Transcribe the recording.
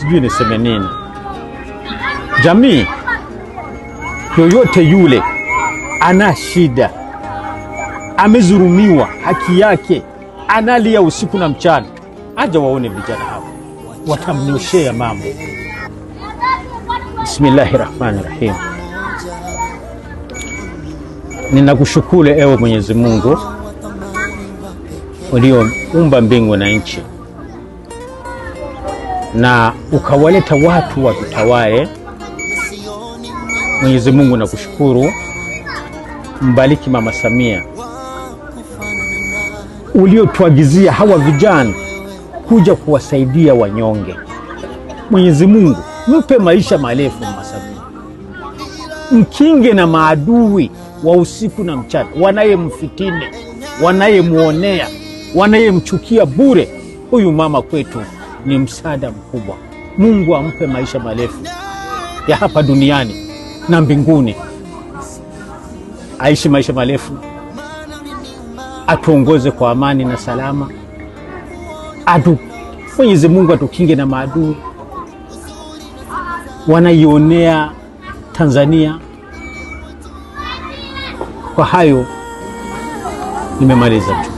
sijui niseme nini. Jamii yoyote yule ana shida, amezurumiwa haki yake, analia usiku na mchana, aja waone vijana hawa, watamnyoshea mambo. Bismillahi rahmani rahim. Ninakushukuru ewe Mwenyezi Mungu ulioumba mbingu na nchi na ukawaleta watu watutawale. Mwenyezi Mungu nakushukuru, mbariki Mama Samia uliotuagizia hawa vijana kuja kuwasaidia wanyonge. Mwenyezi Mungu mpe maisha marefu Mama Samia, mkinge na maadui wa usiku na mchana, wanayemfitine, wanayemwonea, wanayemchukia bure huyu mama kwetu ni msaada mkubwa. Mungu ampe maisha marefu ya hapa duniani na mbinguni, aishi maisha marefu, atuongoze kwa amani na salama, atu Mwenyezi Mungu atukinge na maadui wanaionea Tanzania. Kwa hayo nimemaliza tu.